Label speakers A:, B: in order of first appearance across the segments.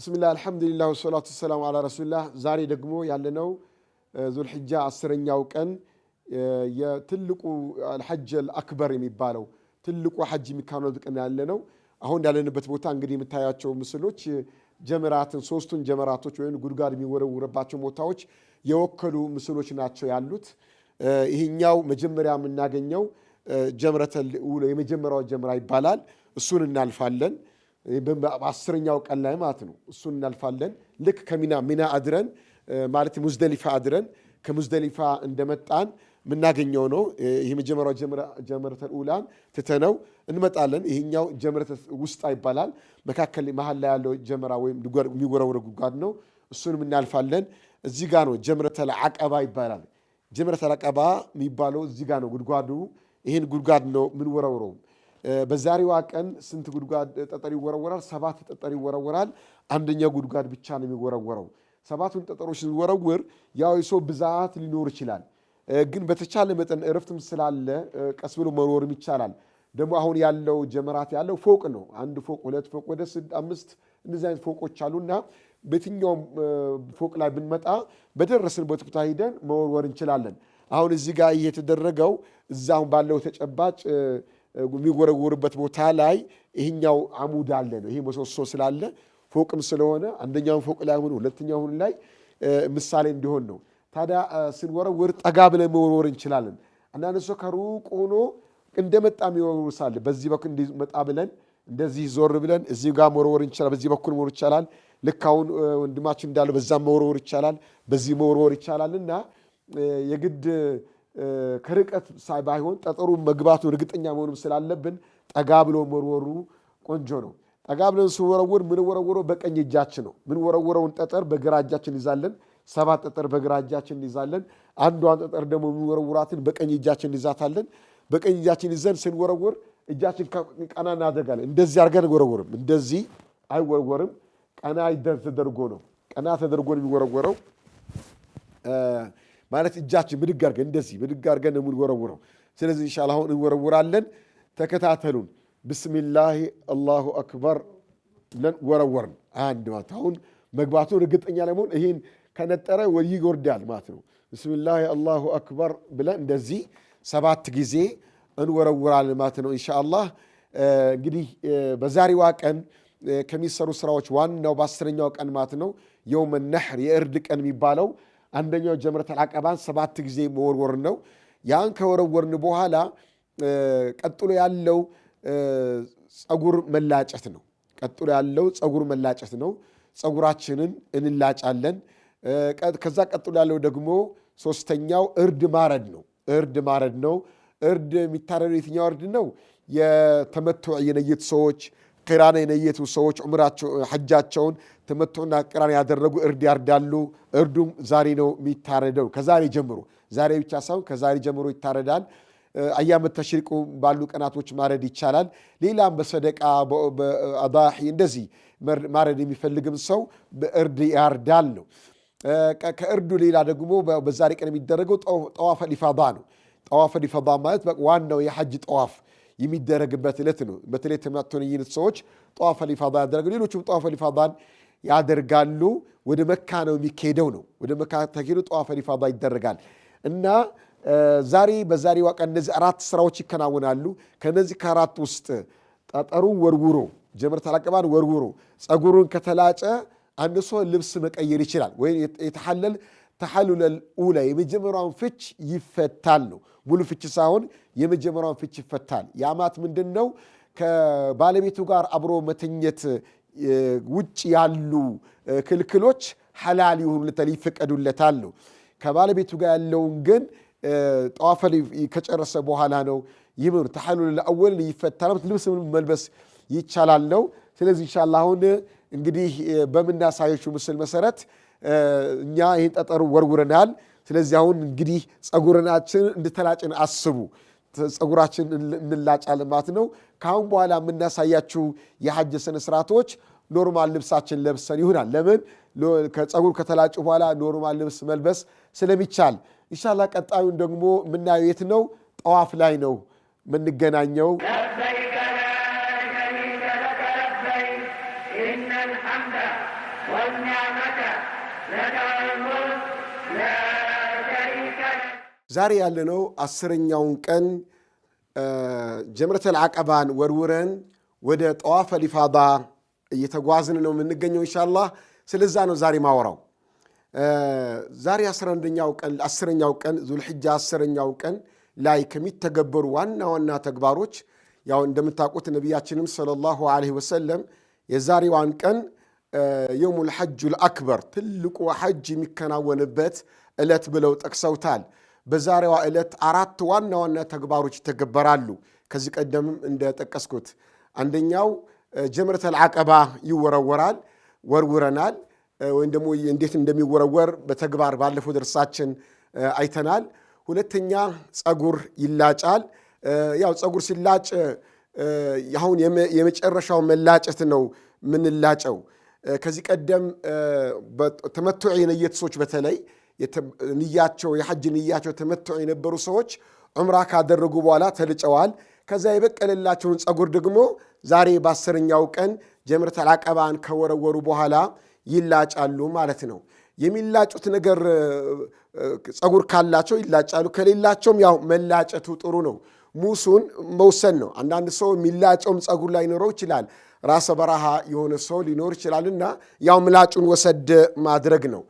A: ብስሚላ አልሐምዱሊላህ ወሰላቱ ወሰላሙ አላ ረሱሊላህ። ዛሬ ደግሞ ያለነው ዙልሕጃ አስረኛው ቀን የትልቁ አልሐጅ አክበር የሚባለው ትልቁ ሐጅ የሚካኖት ቀን ያለነው። አሁን ያለንበት ቦታ እንግዲህ የምታያቸው ምስሎች ጀመራትን ሶስቱን ጀመራቶች ወይም ጉድጓድ የሚወረውረባቸው ቦታዎች የወከሉ ምስሎች ናቸው ያሉት። ይህኛው መጀመሪያ የምናገኘው ጀምረተል የመጀመሪያው ጀምራ ይባላል። እሱን እናልፋለን። በአስረኛው ቀን ላይ ማለት ነው። እሱን እናልፋለን። ልክ ከሚና ሚና አድረን ማለት ሙዝደሊፋ አድረን ከሙዝደሊፋ እንደመጣን የምናገኘው ነው። ይህ መጀመሪያው ጀመረተል ኡላን ትተነው እንመጣለን። ይሄኛው ጀመረተ ውስጣ ይባላል። መካከል መሀል ላይ ያለው ጀመራ ወይም የሚወረውረ ጉድጓድ ነው። እሱንም እናልፋለን። እዚህ ጋ ነው ጀመረተል አቀባ ይባላል። ጀመረተል አቀባ የሚባለው እዚህ ጋ ነው ጉድጓዱ። ይህን ጉድጓድ ነው የምንወረውረው። በዛሬዋ ቀን ስንት ጉድጓድ ጠጠር ይወረወራል? ሰባት ጠጠር ይወረወራል። አንደኛ ጉድጓድ ብቻ ነው የሚወረወረው። ሰባቱን ጠጠሮች ሲወረውር ያው የሰው ብዛት ሊኖር ይችላል፣ ግን በተቻለ መጠን እረፍትም ስላለ ቀስ ብሎ መኖርም ይቻላል። ደግሞ አሁን ያለው ጀመራት ያለው ፎቅ ነው። አንድ ፎቅ፣ ሁለት ፎቅ፣ ወደ አምስት እንደዚህ አይነት ፎቆች አሉና በየትኛውም ፎቅ ላይ ብንመጣ በደረስንበት ቦታ ሂደን መወርወር እንችላለን። አሁን እዚህ ጋር እየተደረገው እዛሁን ባለው ተጨባጭ የሚወረወርበት ቦታ ላይ ይህኛው አሙድ አለ ነው። ይህ ምሰሶ ስላለ ፎቅም ስለሆነ አንደኛውን ፎቅ ላይ ሆኑ ሁለተኛውን ላይ ምሳሌ እንዲሆን ነው። ታዲያ ስንወረውር ጠጋ ብለን መወርወር እንችላለን። አንዳንድ ሰው ከሩቅ ሆኖ እንደመጣ የሚወረውር ሳለ በዚህ በኩል እንዲመጣ ብለን እንደዚህ ዞር ብለን እዚህ ጋር መወርወር ይቻላል። በዚህ በኩል መወርወር ይቻላል። ልክ አሁን ወንድማችን እንዳለው በዛም መወርወር ይቻላል፣ በዚህ መወርወር ይቻላል እና የግድ ከርቀት ባይሆን ጠጠሩ መግባቱ እርግጠኛ መሆኑም ስላለብን ጠጋ ብሎ መወርወሩ ቆንጆ ነው። ጠጋ ብለን ስንወረውር ምንወረውረው በቀኝ እጃችን ነው። ምንወረውረውን ጠጠር በግራ እጃችን እንይዛለን። ሰባት ጠጠር በግራ እጃችን እንይዛለን። አንዷን ጠጠር ደግሞ የምንወረውራትን በቀኝ እጃችን እንይዛታለን። በቀኝ እጃችን ይዘን ስንወረውር እጃችን ቀና እናደርጋለን። እንደዚህ አድርገን አንወረውርም። እንደዚህ አይወረወርም። ቀና ተደርጎ ነው። ቀና ተደርጎ ነው የሚወረወረው። ማለት እጃችን ብድግ አድርገን እንደዚህ ብድግ አድርገን የምንወረውረው። ስለዚህ ኢንሻአላህ አሁን እንወረውራለን። ተከታተሉን። ብስሚላህ አላሁ አክበር ብለን ወረወርን። አንድ ማለት አሁን መግባቱን እርግጠኛ ለመሆን ይህን ከነጠረ ይጎርዳል ማለት ነው። ብስሚላህ አላሁ አክበር ብለን እንደዚህ ሰባት ጊዜ እንወረውራለን ማለት ነው ኢንሻአላህ። እንግዲህ በዛሬዋ ቀን ከሚሰሩ ስራዎች ዋናው በአስረኛው ቀን ማለት ነው የውመ ነሕር የእርድ ቀን የሚባለው አንደኛው ጀምረተል አቀባን ሰባት ጊዜ መወርወር ነው። ያን ከወረወርን በኋላ ቀጥሎ ያለው ጸጉር መላጨት ነው። ቀጥሎ ያለው ጸጉር መላጨት ነው። ጸጉራችንን እንላጫለን። ከዛ ቀጥሎ ያለው ደግሞ ሶስተኛው እርድ ማረድ ነው። እርድ ማረድ ነው። እርድ የሚታረደው የትኛው እርድ ነው? የተመቶ የነየት ሰዎች ቅራን የነየቱ ሰዎች ዑምራቸው ሐጃቸውን ተመቶና ቅራን ያደረጉ እርድ ያርዳሉ። እርዱም ዛሬ ነው የሚታረደው። ከዛሬ ጀምሮ ዛሬ ብቻ ሳይሆን ከዛሬ ጀምሮ ይታረዳል። አያመ ተሽሪቁ ባሉ ቀናቶች ማረድ ይቻላል። ሌላም በሰደቃ በአዳሒ እንደዚህ ማረድ የሚፈልግም ሰው በእርድ ያርዳል ነው። ከእርዱ ሌላ ደግሞ በዛሬ ቀን የሚደረገው ጠዋፈ ሊፋዳ ነው። ጠዋፈ ሊፋዳ ማለት ዋናው የሐጅ ጠዋፍ የሚደረግበት እለት ነው። በተለይ ተመቶን ሰዎች ጠዋፈ ሊፋዳ ያደረጉ ሌሎችም ጠዋፈ ሊፋዳን ያደርጋሉ። ወደ መካ ነው የሚካሄደው ነው ወደ መካ ተሄዶ ጠዋፈ ሊፋዳ ይደረጋል እና ዛሬ በዛሬ ቀን እነዚህ አራት ስራዎች ይከናወናሉ። ከነዚህ ከአራት ውስጥ ጠጠሩ ወርውሮ ጀመረተል ተላቀባን ወርውሮ ጸጉሩን ከተላጨ አንድ ሰው ልብስ መቀየር ይችላል ወይም የተሐለል ተሐሉለል ኡላ የመጀመሪያውን ፍች ይፈታል ነው። ሙሉ ፍች ሳይሆን የመጀመሪያውን ፍች ይፈታል። የአማት ምንድን ነው? ከባለቤቱ ጋር አብሮ መተኘት ውጭ ያሉ ክልክሎች ሐላል ይሆኑለታል፣ ይፈቀዱለታል ነው። ከባለቤቱ ጋር ያለውን ግን ጠዋፈ ከጨረሰ በኋላ ነው። ይህም ተሐሉለል አወል ይፈታል። ልብስ መልበስ ይቻላል ነው። ስለዚህ ኢንሻላህ አሁን እንግዲህ በምናሳዮቹ ምስል መሰረት እኛ ይህን ጠጠር ወርውረናል። ስለዚህ አሁን እንግዲህ ፀጉርናችን እንድተላጭን አስቡ። ፀጉራችን እንላጫ ልማት ነው። ከአሁን በኋላ የምናሳያችሁ የሐጅ ስነ ስርዓቶች ኖርማል ልብሳችን ለብሰን ይሆናል። ለምን ፀጉር ከተላጩ በኋላ ኖርማል ልብስ መልበስ ስለሚቻል። ኢንሻላህ ቀጣዩን ደግሞ የምናየው የት ነው? ጠዋፍ ላይ ነው የምንገናኘው። ዛሬ ያለነው አስረኛውን ቀን ጀምረተል አቀባን ወርውረን ወደ ጠዋፈ ሊፋዳ እየተጓዝን ነው የምንገኘው እንሻላ ስለዛ ነው ዛሬ ማወራው። ዛሬ አስረኛው ቀን ዙልሕጃ አስረኛው ቀን ላይ ከሚተገበሩ ዋና ዋና ተግባሮች ያው እንደምታውቁት ነቢያችንም ሰለላሁ ዐለይሂ ወሰለም የዛሬዋን ቀን የውሙል ሐጁል አክበር ትልቁ ሐጅ የሚከናወንበት ዕለት ብለው ጠቅሰውታል። በዛሬዋ ዕለት አራት ዋና ዋና ተግባሮች ይተገበራሉ። ከዚህ ቀደምም እንደጠቀስኩት አንደኛው ጀምረተል አቀባ ይወረወራል፣ ወርውረናል ወይም ደግሞ እንዴት እንደሚወረወር በተግባር ባለፈው ደርሳችን አይተናል። ሁለተኛ ፀጉር ይላጫል። ያው ፀጉር ሲላጭ አሁን የመጨረሻው መላጨት ነው ምንላጨው። ከዚህ ቀደም ተመቶ ሰዎች በተለይ ንያቸው የሐጅ ንያቸው ተመትዑ የነበሩ ሰዎች ዑምራ ካደረጉ በኋላ ተልጨዋል። ከዛ የበቀለላቸውን ፀጉር ደግሞ ዛሬ በአስረኛው ቀን ጀምረተል አቀባን ከወረወሩ በኋላ ይላጫሉ ማለት ነው። የሚላጩት ነገር ፀጉር ካላቸው ይላጫሉ፣ ከሌላቸውም ያው መላጨቱ ጥሩ ነው። ሙሱን መውሰን ነው። አንዳንድ ሰው የሚላጨውም ፀጉር ላይኖረው ይችላል። ራሰ በረሃ የሆነ ሰው ሊኖር ይችላልና ያው ምላጩን ወሰድ ማድረግ ነው።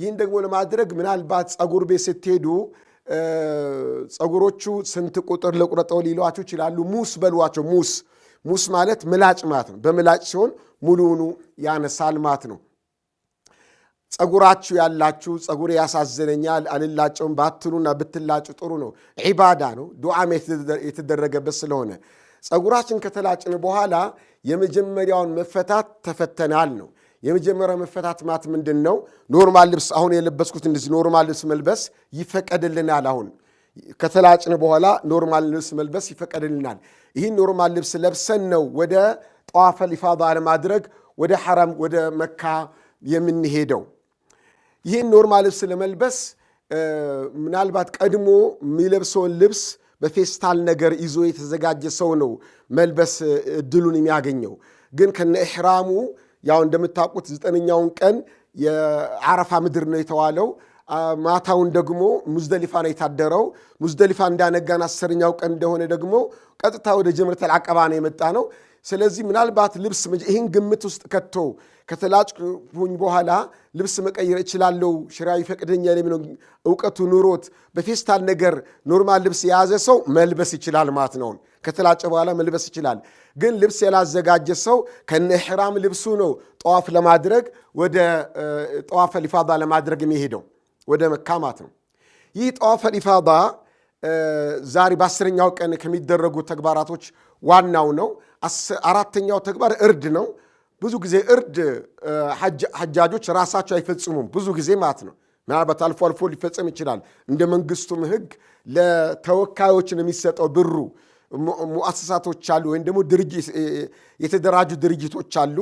A: ይህን ደግሞ ለማድረግ ምናልባት ፀጉር ቤት ስትሄዱ ፀጉሮቹ ስንት ቁጥር ልቁረጠው ሊሏችሁ ይችላሉ። ሙስ በሏቸው። ሙስ ሙስ ማለት ምላጭ ማለት ነው። በምላጭ ሲሆን ሙሉውኑ ያነሳል ማለት ነው። ፀጉራችሁ ያላችሁ ጸጉሬ ያሳዝነኛል አልላጨውም ባትሉና ብትላጩ ጥሩ ነው። ዒባዳ ነው፣ ዱዓም የተደረገበት ስለሆነ ፀጉራችን ከተላጭን በኋላ የመጀመሪያውን መፈታት ተፈተናል ነው። መፈታት ማት ምንድን ነው? ኖርማል ልብስ አሁን የለበስኩት እንደዚህ ኖርማል ልብስ መልበስ ይፈቀድልናል። አሁን ከተላጭን በኋላ ኖርማል ልብስ መልበስ ይፈቀድልናል። ይህን ኖርማል ልብስ ለብሰን ነው ወደ ጠዋፈል ኢፋዳ ለማድረግ ወደ ሐረም ወደ መካ የምንሄደው። ይህን ኖርማል ልብስ ለመልበስ ምናልባት ቀድሞ የሚለብሰውን ልብስ በፌስታል ነገር ይዞ የተዘጋጀ ሰው ነው መልበስ እድሉን የሚያገኘው ግን ከነ ኢሕራሙ ያው እንደምታውቁት ዘጠነኛውን ቀን የአረፋ ምድር ነው የተዋለው። ማታውን ደግሞ ሙዝደሊፋ ነው የታደረው። ሙዝደሊፋ እንዳነጋን አስረኛው ቀን እንደሆነ ደግሞ ቀጥታ ወደ ጀምረተል አቀባ ነው የመጣ ነው። ስለዚህ ምናልባት ልብስ ይህን ግምት ውስጥ ከቶ ከተላጭሁኝ በኋላ ልብስ መቀየር እችላለሁ ሽራዊ ፈቅደኛ የሚለው እውቀቱ ኑሮት በፌስታል ነገር ኖርማል ልብስ የያዘ ሰው መልበስ ይችላል ማለት ነው። ከተላጨ በኋላ መልበስ ይችላል። ግን ልብስ ያላዘጋጀ ሰው ከነሕራም ልብሱ ነው ጠዋፍ ለማድረግ ወደ ጠዋፈ ሊፋዳ ለማድረግ የሚሄደው ወደ መካማት ነው። ይህ ጠዋፈ ሊፋዳ ዛሬ በአስረኛው ቀን ከሚደረጉ ተግባራቶች ዋናው ነው። አራተኛው ተግባር እርድ ነው። ብዙ ጊዜ እርድ ሐጃጆች ራሳቸው አይፈጽሙም፣ ብዙ ጊዜ ማለት ነው። ምናልባት አልፎ አልፎ ሊፈጸም ይችላል። እንደ መንግስቱም ሕግ ለተወካዮች ነው የሚሰጠው ብሩ ሙአሰሳቶች አሉ፣ ወይም ደግሞ የተደራጁ ድርጅቶች አሉ።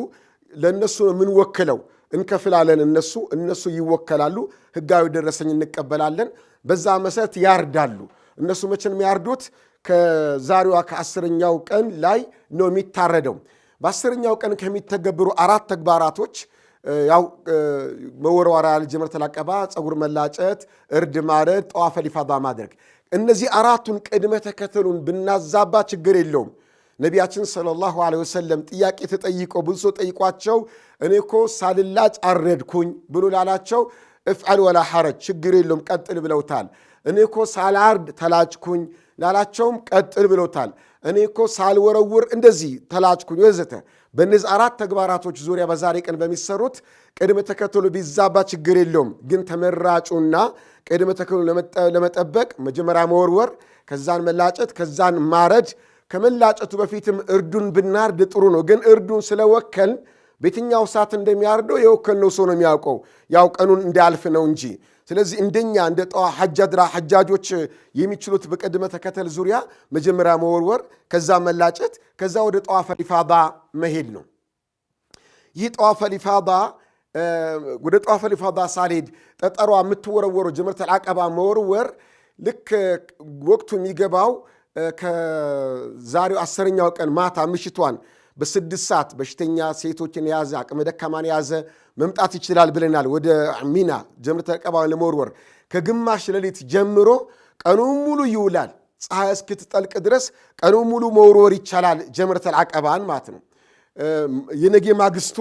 A: ለእነሱ ነው የምንወክለው፣ እንከፍላለን። እነሱ እነሱ ይወከላሉ፣ ህጋዊ ደረሰኝ እንቀበላለን። በዛ መሰረት ያርዳሉ። እነሱ መቼም የሚያርዱት? ከዛሬዋ ከአስረኛው ቀን ላይ ነው የሚታረደው። በአስረኛው ቀን ከሚተገብሩ አራት ተግባራቶች ያው መወርወሪያ፣ ጀመረተል አቀባ፣ ፀጉር መላጨት፣ እርድ ማረድ፣ ጠዋፈ ኢፋዳ ማድረግ እነዚህ አራቱን ቅድመ ተከተሉን ብናዛባ ችግር የለውም። ነቢያችን ሰለላሁ ዐለይሂ ወሰለም ጥያቄ ተጠይቀው ብዙ ሰው ጠይቋቸው እኔ እኮ ሳልላጭ አረድኩኝ ብሎ ላላቸው እፍዐል ወላ ሐረጅ ችግር የለውም ቀጥል ብለውታል። እኔ እኮ ሳላርድ ተላጭኩኝ ላላቸውም ቀጥል ብለውታል። እኔ እኮ ሳልወረውር እንደዚህ ተላጭኩኝ ወዘተ በእነዚህ አራት ተግባራቶች ዙሪያ በዛሬ ቀን በሚሰሩት ቅድመ ተከተሉ ቢዛባ ችግር የለውም። ግን ተመራጩና ቅድመ ተከተሉ ለመጠበቅ መጀመሪያ መወርወር፣ ከዛን መላጨት፣ ከዛን ማረድ። ከመላጨቱ በፊትም እርዱን ብናርድ ጥሩ ነው። ግን እርዱን ስለወከል በየትኛው ሰዓት እንደሚያርደው የወከልነው ሰው ነው የሚያውቀው። ያው ቀኑን እንዳያልፍ ነው እንጂ ስለዚህ እንደኛ እንደ ጠዋ ሐጃድራ ሐጃጆች የሚችሉት በቅድመ ተከተል ዙሪያ መጀመሪያ መወርወር፣ ከዛ መላጨት፣ ከዛ ወደ ጠዋፈ ሊፋዳ መሄድ ነው። ይህ ጠዋፈ ሊፋዳ ወደ ጠዋፈ ሊፋዳ ሳልሄድ ጠጠሯ የምትወረወረው ጀመርተል አቀባ መወርወር ልክ ወቅቱ የሚገባው ከዛሬው አስረኛው ቀን ማታ ምሽቷን በስድስት ሰዓት በሽተኛ ሴቶችን የያዘ አቅመ ደካማን የያዘ መምጣት ይችላል ብለናል። ወደ ሚና ጀምር ዕቀባውን ለመወርወር ከግማሽ ሌሊት ጀምሮ ቀኑን ሙሉ ይውላል። ፀሐይ እስክትጠልቅ ድረስ ቀኑን ሙሉ መወርወር ይቻላል። ጀምር ዓቀባን ማለት ነው። የነጌ ማግስቱ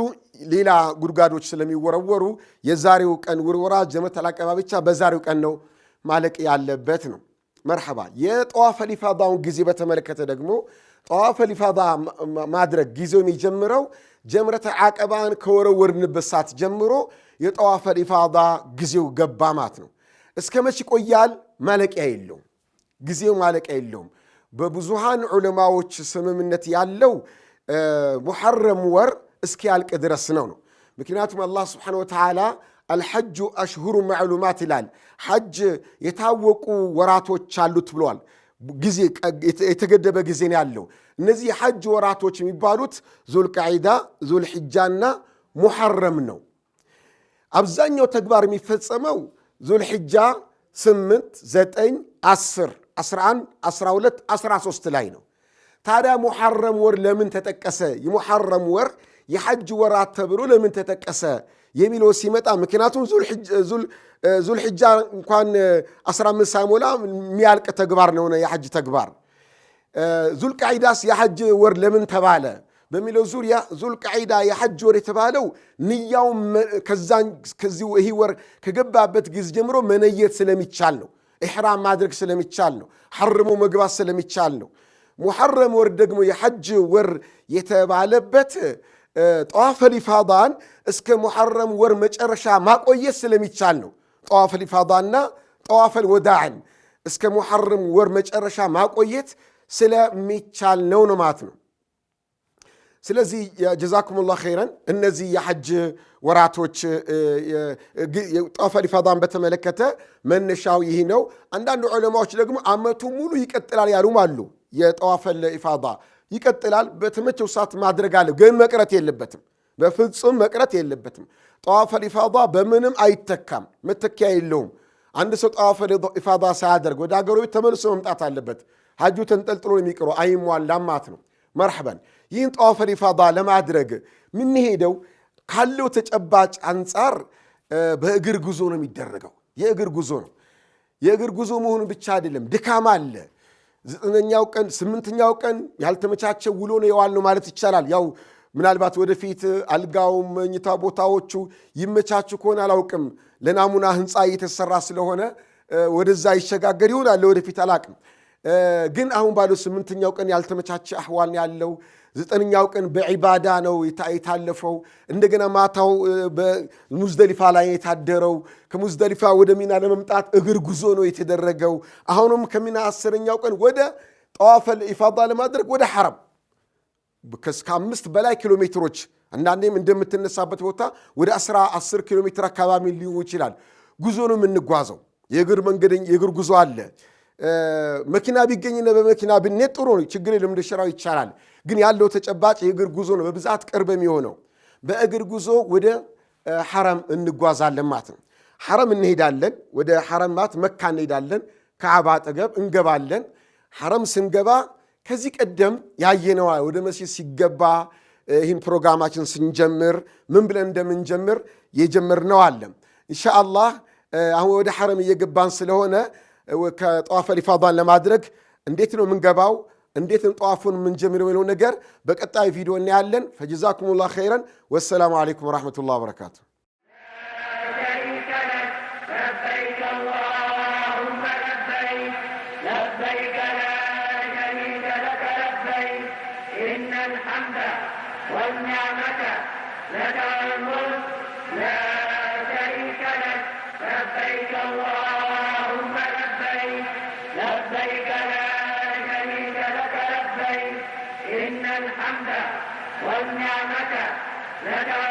A: ሌላ ጉድጓዶች ስለሚወረወሩ የዛሬው ቀን ውርወራ ጀምር ዓቀባ ብቻ በዛሬው ቀን ነው ማለቅ ያለበት ነው። መርሐባ። የጠዋፈ ሊፋዳውን ጊዜ በተመለከተ ደግሞ ጠዋፈ ሊፋዳ ማድረግ ጊዜው የሚጀምረው ጀምረተ ዓቀባን ከወረወርንበት ሰዓት ጀምሮ የጠዋፈል ኢፋዳ ጊዜው ገባ ማለት ነው። እስከ መች ይቆያል? ማለቂያ የለውም። ጊዜው ማለቂያ የለውም። በብዙሃን ዑለማዎች ስምምነት ያለው ሙሐረም ወር እስኪያልቅ ድረስ ነው ነው ምክንያቱም አላህ ስብሓነሁ ወተዓላ አልሐጁ አሽሁሩ ማዕሉማት ይላል። ሐጅ የታወቁ ወራቶች አሉት ብለዋል። ጊዜ የተገደበ ጊዜ ያለው። እነዚህ የሐጅ ወራቶች የሚባሉት ዙልቃዒዳ፣ ዙልሕጃና ሙሐረም ነው። አብዛኛው ተግባር የሚፈጸመው ዙልሕጃ 8 9 10 11 12 13 ላይ ነው። ታዲያ ሙሐረም ወር ለምን ተጠቀሰ? የሙሐረም ወር የሐጅ ወራት ተብሎ ለምን ተጠቀሰ የሚለው ሲመጣ ምክንያቱም ዙልሕጃ እንኳን 15 ሳይሞላ የሚያልቅ ተግባር ነሆነ የሐጅ ተግባር ዙልቃዒዳስ የሐጅ ወር ለምን ተባለ በሚለው ዙሪያ ዙልቃዒዳ የሐጅ ወር የተባለው ንያው ይህ ወር ከገባበት ጊዜ ጀምሮ መነየት ስለሚቻል ነው። ኢሕራም ማድረግ ስለሚቻል ነው። ሐርሞ መግባት ስለሚቻል ነው። ሙሐረም ወር ደግሞ የሐጅ ወር የተባለበት ጠዋፈል ኢፋዳን እስከ ሙሐረም ወር መጨረሻ ማቆየት ስለሚቻል ነው። ጠዋፈል ኢፋዳና ጠዋፈል ወዳዕን እስከ ሙሐረም ወር መጨረሻ ማቆየት ስለሚቻል ነው ነው ማለት ነው። ስለዚህ ጀዛኩሙላሁ ኸይረን። እነዚህ የሐጅ ወራቶች ጠዋፈል ኢፋዳን በተመለከተ መነሻው ይህ ነው። አንዳንድ ዑለማዎች ደግሞ አመቱ ሙሉ ይቀጥላል ያሉም አሉ የጠዋፈል ኢፋዳ ይቀጥላል። በተመቸው ሰዓት ማድረግ አለ፣ ግን መቅረት የለበትም። በፍጹም መቅረት የለበትም። ጠዋፈ ኢፋዳ በምንም አይተካም፣ መተኪያ የለውም። አንድ ሰው ጠዋፈ ኢፋዳ ሳያደርግ ወደ አገሩ ቤት ተመልሶ መምጣት አለበት። ሀጁ ተንጠልጥሎ የሚቀረው አይሟላም ማለት ነው። መርሐበን። ይህን ጠዋፈ ኢፋዳ ለማድረግ የምንሄደው ካለው ተጨባጭ አንጻር በእግር ጉዞ ነው የሚደረገው። የእግር ጉዞ ነው። የእግር ጉዞ መሆኑ ብቻ አይደለም፣ ድካም አለ። ዘጠነኛው ቀን ስምንተኛው ቀን ያልተመቻቸ ውሎ ነው የዋል ነው ማለት ይቻላል። ያው ምናልባት ወደፊት አልጋው፣ መኝታ ቦታዎቹ ይመቻቹ ከሆነ አላውቅም። ለናሙና ህንፃ እየተሰራ ስለሆነ ወደዛ ይሸጋገር ይሆናል። ወደፊት አላቅም። ግን አሁን ባለው ስምንተኛው ቀን ያልተመቻቸ አህዋል ያለው ዘጠነኛው ቀን በዒባዳ ነው የታለፈው። እንደገና ማታው በሙዝደሊፋ ላይ የታደረው። ከሙዝደሊፋ ወደ ሚና ለመምጣት እግር ጉዞ ነው የተደረገው። አሁንም ከሚና አስረኛው ቀን ወደ ጠዋፈል ኢፋዳ ለማድረግ ወደ ሐረም ከእስከ አምስት በላይ ኪሎ ሜትሮች አንዳንዴም እንደምትነሳበት ቦታ ወደ 10 ኪሎ ሜትር አካባቢ ሊሆን ይችላል ጉዞ ነው የምንጓዘው። የእግር መንገደኝ የእግር ጉዞ አለ። መኪና ቢገኝና በመኪና ብንሄድ ጥሩ ነው። ችግር የለም፣ እንደ ሸራው ይቻላል። ግን ያለው ተጨባጭ የእግር ጉዞ ነው በብዛት ቅርብ የሚሆነው። በእግር ጉዞ ወደ ሐረም እንጓዛለን ማለት ነው። ሐረም እንሄዳለን። ወደ ሐረም ማለት መካ እንሄዳለን። ከዓባ አጠገብ እንገባለን። ሐረም ስንገባ ከዚህ ቀደም ያየነዋ ወደ መስጂድ ሲገባ ይህን ፕሮግራማችን ስንጀምር ምን ብለን እንደምንጀምር የጀመርነው አለ። ኢንሻአላህ አሁን ወደ ሐረም እየገባን ስለሆነ ከጠዋፈል ኢፋዳን ለማድረግ እንዴት ነው የምንገባው? እንዴት እንጠዋፉን የምንጀምር የሚለው ነገር በቀጣይ ቪዲዮ እናያለን። ፈጀዛኩሙላ ኸይረን። ወሰላሙ አለይኩም ወረሕመቱላህ ወበረካቱ። لك الملك لا شريك لك لبيك الله والنعمة لك